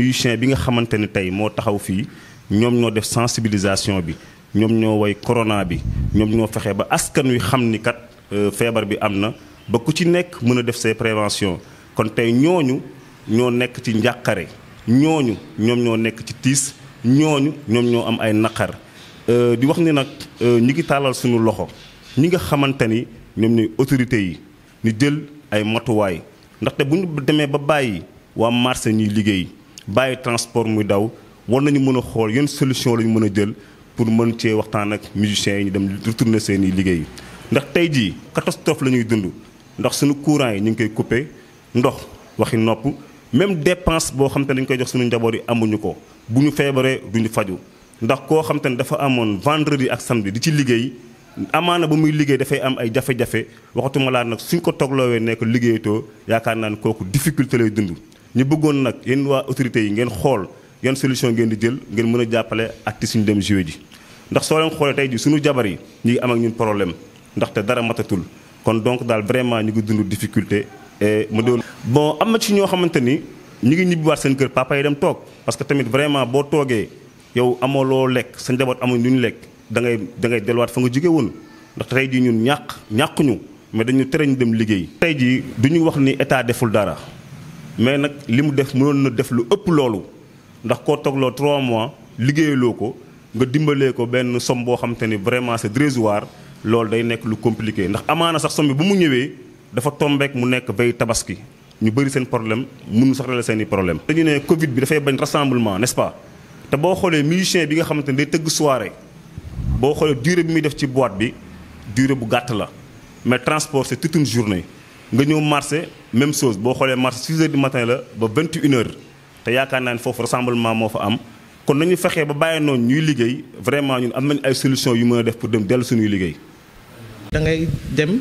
musicien bi nga xamante ni tey moo taxaw fii ñoom ñoo def sensibilisation bi ñoom ñoo woy corona bi ñoom ñoo fexe ba askan wi xam ni kat euh, feebar bi am na ba ku ci nekk mën a def sey prévention kon tey ñooñu ñoo nekk ci njàqare ñooñu ñoom ñoo nekk ci tiis ñooñu ñoom ñoo am ay naqar euh, di wax ni nag euh, ñu ngi tàllal suñu loxo ñi nga xamante ni ñoom ñooy autorités yi ñu jël ay matuwaay ndaxte bu ñu demee ba bàyyi waa marché ñuy liggéey bàyyi transport muy daw war nañu mën a xool yan solution la ñu mën a jël pour mën cee waxtaan ak musiciens yi ñu dem retourner seen i liggéey ndax tey jii catastrophe la ñuy dund ndax suñu courant yi ñu ngi koy coupé ndox waxi nopp même dépense boo xam ne dañu koy jox suñu njaboot yi amuñu ko bu ñu feebaree ndax koo xam ne dafa amoon vendredi ak samedi di ci liggéey amaana ba muy liggéey dafay am ay jafe-jafe waxatuma laa nag suñ ko togloowee nekk liggéeyatoo yaakaar naa ne kooku difficulté lay dund ñu bëggoon nag yéen waa autorités yi ngeen xool yan solution ngeen di jël ngeen mën a jàppale artistes suñu dem jouer ji ndax soo leen xoolee tey ji suñu jabar yi ñu ngi am ak ñun problème ndaxte dara matatul kon donc daal vraiment ñu ngi dund difficulté et mu doon boo am na ci ñoo xamante ni ñu ngi ñibbiwaat seen kër papa yi dem toog parce que tamit vraiment boo toogee yow amoo loo lekk sa njaboot amuñ lu ñu lekk da ngay da ngay delluwaat fa nga jóge woon ndax tey jii ñun ñàq ñàquñu mais dañu tere dem liggéey. tey jii du ñu wax ni état deful dara. mais nag li mu def mënoon na def lu ëpp loolu ndax ko toogloo 3 mois liggéeyaloo ko nga dimbalee ko benn som boo xam te ni vraiment c'est dérisoire loolu day nekk lu compliqué ndax amaana sax som bi bu mu ñëwee dafa tombeek mu nekk veille tabaski ñu bëri seen problème mënu sax la seen i problème dañu ne Covid bi dafay bañ rassemblement n'est-ce pas te boo xoolee musicien bi nga xamante ni day tëgg soirée boo xoolee durée bi muy def ci boîte bi durée bu gàtt la mais transport c'est toute une journée nga ñëw marché même chose boo xoolee marché 6 heures du matin la ba 21 heures te yaakaar naa ne foofu rassemblement moo fa am kon nañu fexee ba bàyyi noonu ñuy liggéey vraiment ñun am nañ ay solution yu mën a def pour dem dellu suñuy liggéey. da ngay dem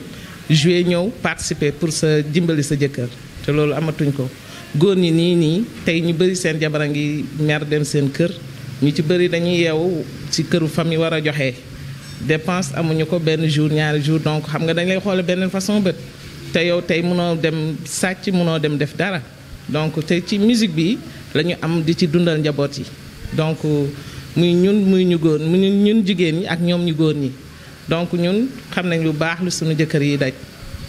jouer ñëw participer pour sa dimbali sa jëkkër te loolu amatuñ ko góor ñi nii nii tey ñu bëri seen jabar a ngi mer dem seen kër ñu ci bëri dañuy yeewu ci këru famille war a joxe dépense amuñu ko benn jour ñaari jour donc xam nga dañ lay xoole benn façon bët. te yow tey mënoo dem sàcc mënoo dem def dara donc te ci musique bi la am di ci dundal njaboot yi donc muy ñun muy ñu góor muy ñun jigéen ñi ak ñoom ñu góor ñi donc ñun xam nañ lu baax lu suñu jëkkër yi daj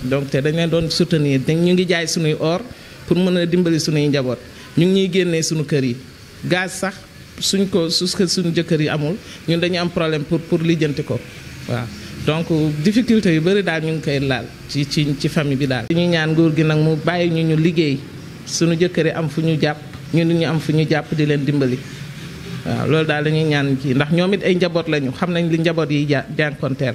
donc te dañ leen doon soutenir dañ ñu ngi jaay suñuy or pour mën a dimbali suñuy njaboot ñu ngi ñuy génnee suñu kër yi gaz sax suñ ko su suñu jëkkër yi amul ñun dañu am problème pour pour lijjanti ko waaw donc difficulté yu bëri daal ñu ngi koy laal ci ci ci famille bi daal. ñu ñaan nguur gi nag mu bàyyi ñu ñu liggéey suñu jëkkër yi am fu ñu jàpp ñu ñu am fu ñu jàpp di leen dimbali waaw loolu daal la ñuy ñaan kii ndax ñoom it ay njaboot lañu xam nañ li njaboot yi ja jànkonteel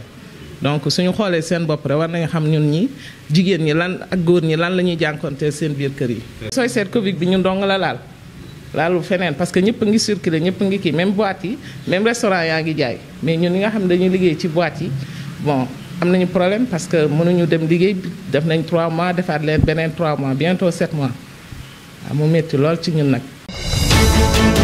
donc suñu xoolee seen bopp rek war nañu xam ñun ñi jigéen ñi lan ak góor ñi lan la ñuy jànkonteel seen biir kër yi. sooy seet Covid bi ñu dong la laal laalu feneen parce que ñëpp ngi circulé ñëpp ngi kii même boîte yi même restaurant yaa ngi jaay mais ñun ñi nga xam ne dañuy liggéey ci boîte yi bon am nañu problème parce que mënuñu dem liggéey def nañ trois mois defaat leen beneen 3 mois bientôt 7 mois waaw ah, mu métti lool ci ñun nag.